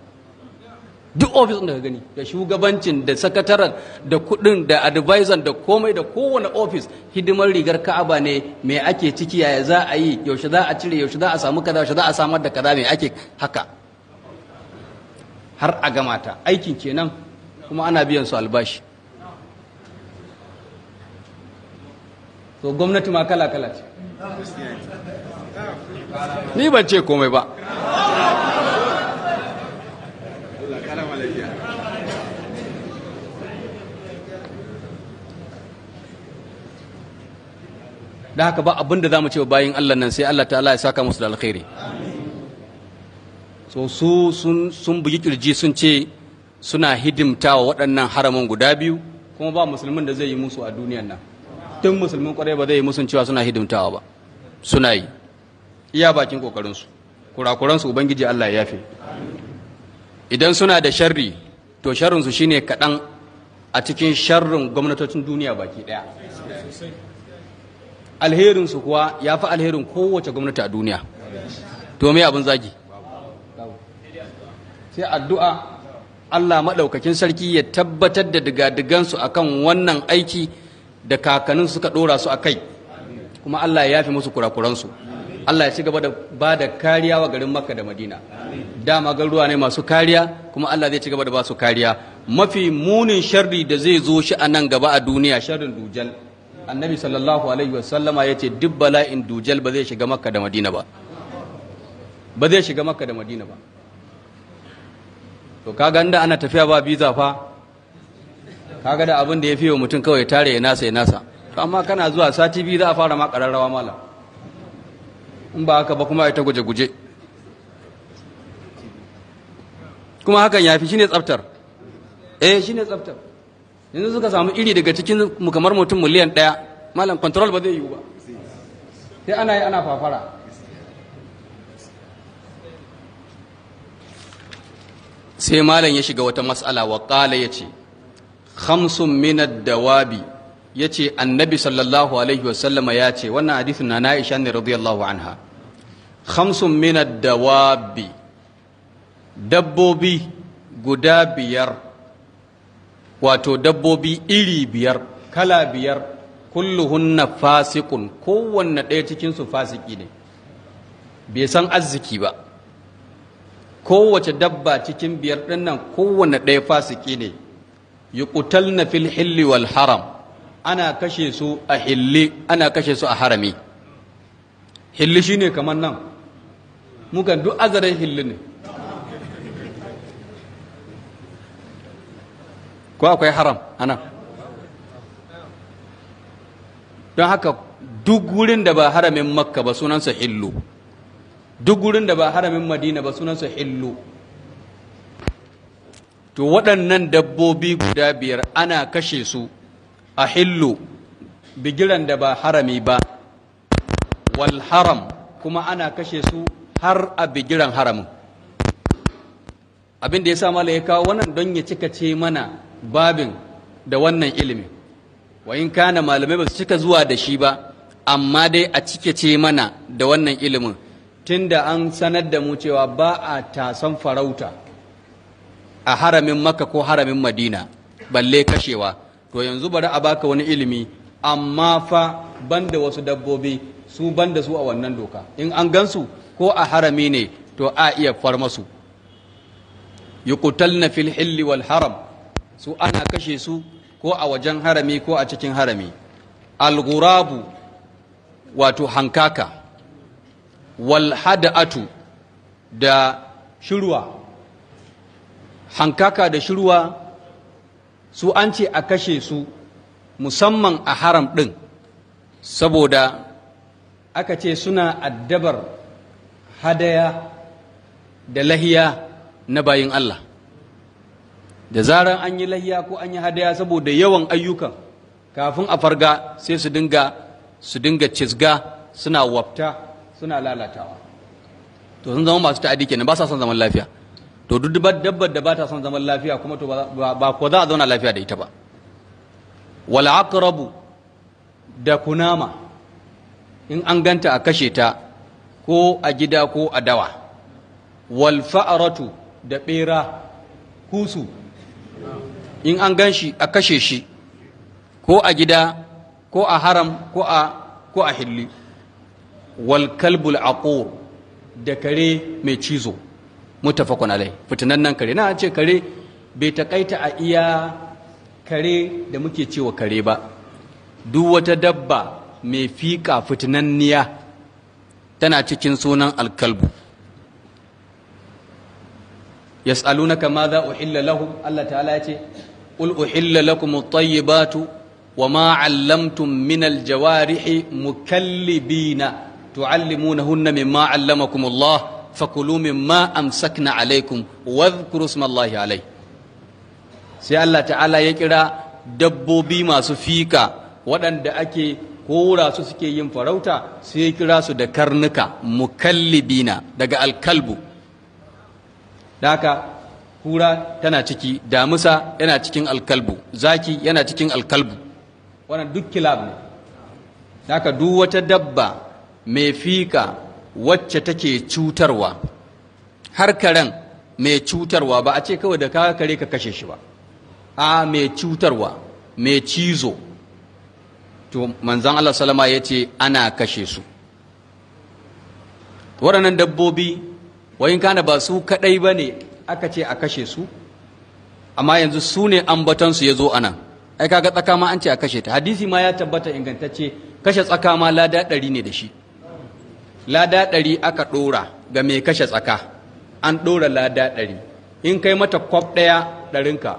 duk ofis da ka gani da shugabancin da sakataren da kudin da advisor da komai da kowane ofis hidimar rigar ka'aba ne mai ake ciki yaya za a yi yaushe za a cire yaushe za a samu kaza yaushe za a samar da kaza mai ake haka har a gama ta aikin kenan kuma ana biyan su albashi to gwamnati ma kala kala ce ni ban ce komai ba da haka ba abin da za mu ce bayan Allah nan sai Allah ta'ala ya saka musu da alkhairi so su sun bugi kirji sun ce suna hidimta wa waɗannan haramin guda biyu kuma ba musulmin da zai yi musu a duniyan nan tun musulmin kwarai ba zai yi musun cewa suna hidimtawa ba suna yi iya bakin kokarinsu kurakuransu ubangiji Allah ya yafe idan suna da sharri to sharrinsu shine kaɗan a cikin sharrin gwamnatocin duniya baki ɗaya alherinsu kuwa ya fi alherin kowace gwamnati a duniya to me abin zagi sai addu'a Allah maɗaukakin sarki ya tabbatar da digadigansu a kan wannan aiki da kakanin suka ɗora su a kai kuma Allah ya yafi musu kurakuransu Allah ya ci gaba da ba da kariya wa garin Makka da Madina dama garuruwa ne masu kariya kuma Allah zai ci gaba da ba su kariya mafi munin sharri da zai zo shi a nan gaba a duniya sharrin dujal annabi sallallahu alaihi wasallama ya ce duk bala'in dujal ba zai shiga Makka da Madina ba ba zai shiga Makka da Madina ba to kaga inda ana tafiya ba biza fa kaga da abin da ya fi wa mutum kawai tare ya nasa ya nasa to amma kana zuwa sati biyu za a fara ma ƙararrawa malam in ba haka ba kuma ai ta guje-guje kuma hakan ya fi shine tsaftar eh shine tsaftar yanzu suka samu iri daga cikin mu kamar mutum miliyan ɗaya malam control ba zai yiwu ba sai ana yi ana fafara sai malam ya shiga wata mas'ala wa qala yace khamsun min ad-dawabi ya ce annabi sallallahu alaihi wasallama ya ce wannan hadithin na na'isha ne radiyallahu anha khamsun minad dawabi dabbobi guda biyar wato dabbobi iri biyar kala biyar kulluhunna fasikun kowanne ɗaya cikinsu fasiki ne bai san arziki ba kowace dabba cikin biyar ɗinnan kowanne ɗaya fasiki ne yuqtalna fil hilli wal haram ana kashe su a hille ana kashe su a harami shi shine kamar nan mukan duk azarin hille ne ko akwai haram ana don haka duk wurin da ba haramin makka ba sunansa hillo duk wurin da ba haramin madina ba sunansa hillo to waɗannan dabbobi guda biyar ana kashe su a hillu bigiran da ba harami ba wal haram kuma ana kashe su har a bigiran haramin abin da ya sa mala ya kawo wannan don ya cika ce mana babin da wannan ilimin wa in kana malamai ba su cika zuwa da shi ba amma dai a cike ce mana da wannan ilimin tunda an sanar da mu cewa ba a tasan farauta a haramin makka ko haramin madina balle kashewa to yanzu bari a baka wani ilimi amma fa banda wasu dabbobi su banda su a wannan doka in an gansu ko a harami ne to a iya far masu Yukutal na filhilli wal haram su ana kashe su ko a wajen harami ko a cikin harami al wato hankaka wal hada'atu da shirwa hankaka da shirwa su an ce a kashe su musamman a haram ɗin saboda aka ce suna addabar hadaya da lahiya na bayin Allah da zarar an yi lahiya ko an yi hadaya saboda yawan ayyukan kafin a farga sai su dinga su dinga cizga suna wafta suna lalatawa to sun zama masu ta'adi kenan ba sa son zaman lafiya to duk dabbar da ba ta son zaman lafiya kuma to ba ko za a zauna lafiya da ita ba wal aqrabu da kunama in an ganta a kashe ta ko a gida ko a dawa wal fa'ratu da bera kusu in an gan shi a kashe shi ko a gida ko a haram ko a ko a hilli wal kalbul aqur da kare mai cizo muttafaqun alai fitinan nan kare na ce kare bai takaita a iya kare da muke cewa kare ba duk wata dabba mai fika fitinanniya tana cikin sunan alkalbu yas'alunaka madha uhilla lahu, Allah ta'ala ya ce qul uhilla lakum at-tayyibatu wa 'allamtum min al-jawarihi mukallibina tu'allimunahunna mimma 'allamakum Allah fakulu mimma amsakna alaikum wadhkuru smallahi alai sai Allah ta'ala ya kira dabbobi masu fika waɗanda ake kora su suke yin farauta sai ya kira su da karnuka mukallibina daga alkalbu haka kura tana ciki damusa yana cikin alkalbu zaki yana cikin alkalbu wannan duk kilab ne haka duk wata dabba mai fika wacce take cutarwa har karen mai cutarwa ba a ce kawai da ka kare ka kashe shi ba a mai cutarwa mai cizo to manzan Allah salama ya ce ana kashe su waɗannan dabbobi wayin kana ba su kaɗai ba ne aka ce a kashe su amma yanzu su ne ambatansu ya zo a nan ai kaga tsaka an ce a kashe ta hadisi ma ya tabbata ingantacce kashe tsakama lada ɗari ne da shi lada ɗari aka ɗora ga mai kashe tsaka an ɗora lada ɗari in kai mata kwab ɗaya ɗarinka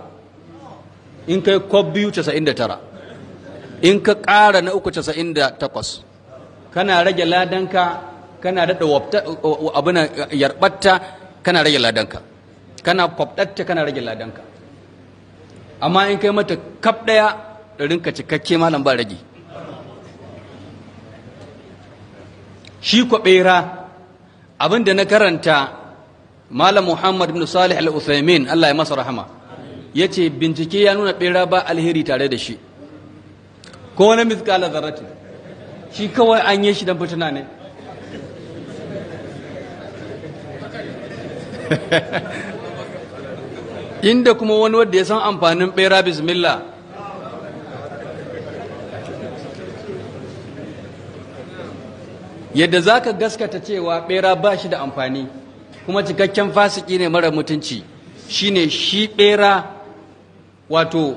in kai kwab biyu casa'in da tara in ka ƙara na uku casa'in da takwas kana rage ladanka kana daɗa abin yarɓatta kana rage ladanka kana kwabɗatta kana rage ladanka amma in kai mata kwab ɗaya ɗarinka cikakke malam ba rage shi kwaɓera abin da na karanta malam muhammad bin salih al-uthaymin allah ya masa rahama ya ce bincike ya nuna ɓera ba alheri tare da shi ko wani mizkala zarratin shi kawai an yi shi don fitina ne inda kuma wani wadda ya san amfanin ɓera bismillah yadda za ka gaskata cewa ɓera ba shi da amfani kuma cikakken fasiki ne mara mutunci shine shi ɓera wato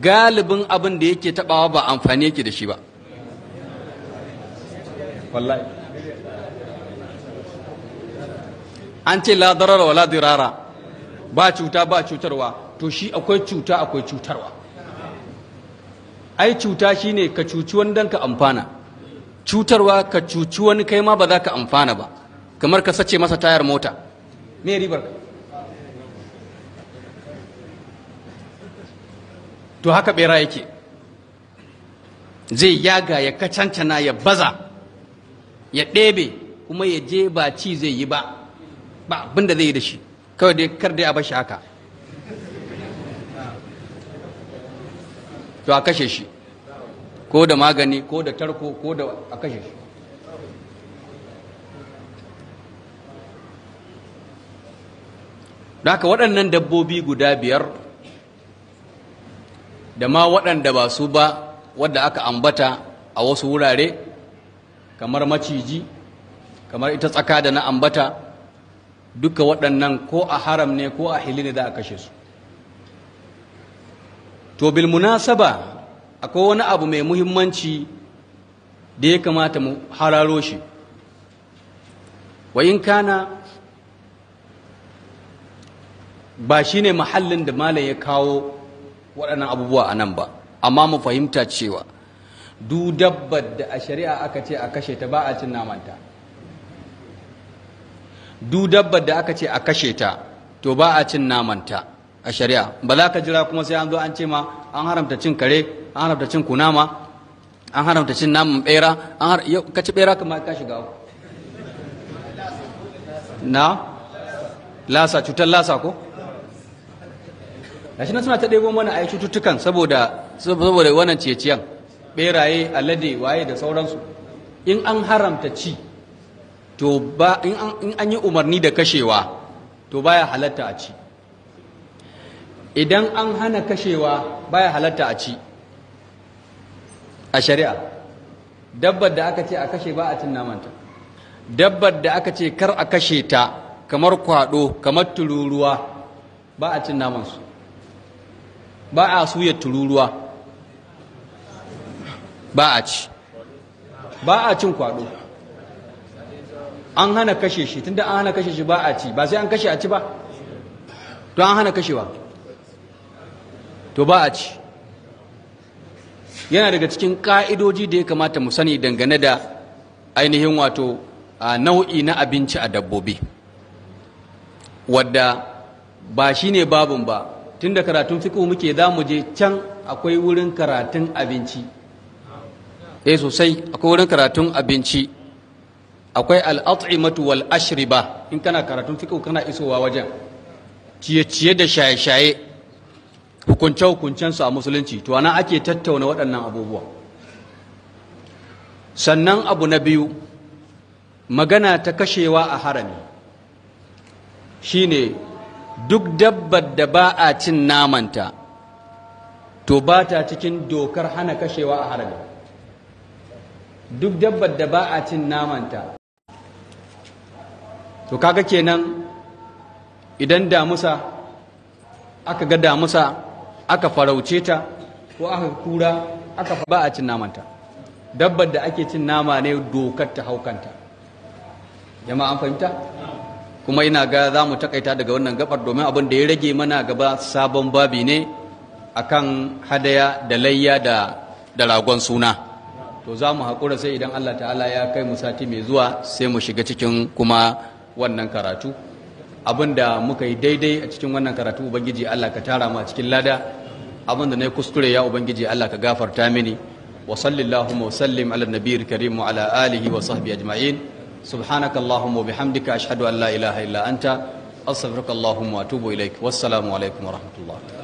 galibin abin da yake taɓawa ba amfani yake da shi ba an ce ladarar wa ladirara ba cuta ba cutarwa to shi akwai cuta akwai cutarwa ai cuta shine ka cuci wanda ka amfana cutarwa ka cuci wani kai ma ba za ka amfana ba kamar ka sace masa tayar mota me ribar ka to haka bera yake zai yaga ya kacancana ya baza ya ɗebe kuma ya je ba ci zai yi ba ba abinda zai yi da shi kawai dai kar dai a bashi haka to a kashe shi ko da magani ko da tarko ko da a kashe shi haka waɗannan dabbobi guda biyar da ma waɗanda ba su ba wadda aka ambata a wasu wurare kamar maciji kamar ita tsaka da na ambata duka waɗannan ko a haram ne ko a hili ne za a kashe su to bil munasaba akwai wani abu mai muhimmanci da ya kamata mu hararo shi wayin kana ba shi ne mahallin da malam ya kawo waɗannan abubuwa a nan ba amma mu fahimta cewa du dabbar da a shari'a aka ce a kashe ta ba a cin namanta du dabbar da aka ce a kashe ta to ba a cin namanta a shari'a ba za ka jira kuma sai an zo an ce ma an haramta cin kare an haramta cin kunama an haramta cin naman bera an har ka ci bera kuma ka shiga na lasa cutar lasa ko gashi nan suna ta ɗebo mana ai cututtukan saboda saboda wannan ciyaciyan beraye alade waye da sauransu in an haramta ci to ba in an yi umarni da kashewa to baya halatta a ci idan an hana kashewa baya halatta a ci a shari'a dabbar da aka ce a kashe ba a cin namanta dabbar da aka ce kar a kashe ta kamar kwado kamar tururuwa ba a cin namansu ba a suya tururuwa ba a ci ba a cin kwado an hana kashe shi tunda an hana kashe shi ba a ci ba sai an kashe a ci ba to an hana kashewa to ba a ci yana daga cikin ƙa'idoji da ya kamata mu sani dangane da ainihin wato a nau'i na abinci a dabbobi wadda ba shi ne babin ba tun da karatun fiƙo muke za mu je can akwai wurin karatun abinci E, sosai akwai wurin karatun abinci akwai al'at'imatu wal ashriba in kana karatun fiƙo kana isowa wajen ciye-ciye da shaye-shaye hukunce-hukuncensu a musulunci to ana ake tattauna waɗannan abubuwa sannan abu na biyu magana ta kashewa a harami shine duk dabbar da ba a cin namanta to ba ta cikin dokar hana kashewa a harami duk dabbar da ba a cin namanta to kaga kenan idan damusa aka ga damusa aka farauce ta ko aka kura aka ba a cin namanta dabbar da ake cin nama ne dokar ta haukanta jama'a an fahimta kuma ina ga za mu takaita daga wannan gabar domin abin da ya rage mana gaba sabon babi ne akan hadaya da layya da da ragon suna to za mu haƙura sai idan Allah ta'ala ya kai mu sati mai zuwa sai mu shiga cikin kuma wannan karatu abin da muka yi daidai a cikin wannan karatu ubangiji Allah ka tara mu a cikin lada abin da na kuskure ya ubangiji Allah ka gafarta mini wa sallallahu wa sallim ala nabiyil karim wa ala alihi wa sahbihi ajma'in subhanaka allahumma wa bihamdika ashhadu an la ilaha illa anta astaghfiruka allahumma wa atubu ilaik wassalamu alaikum wa